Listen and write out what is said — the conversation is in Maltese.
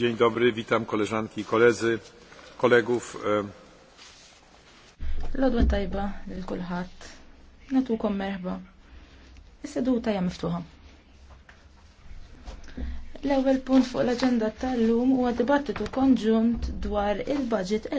Dzień dobry, witam koleżanki i koledzy, kolegów. E, Lodwa tajba l-kulħat. Natukom merħba. Is-seduta hija miftuħa. L-ewwel punt fuq l agenda tal-lum huwa dibattitu konġunt dwar il-budget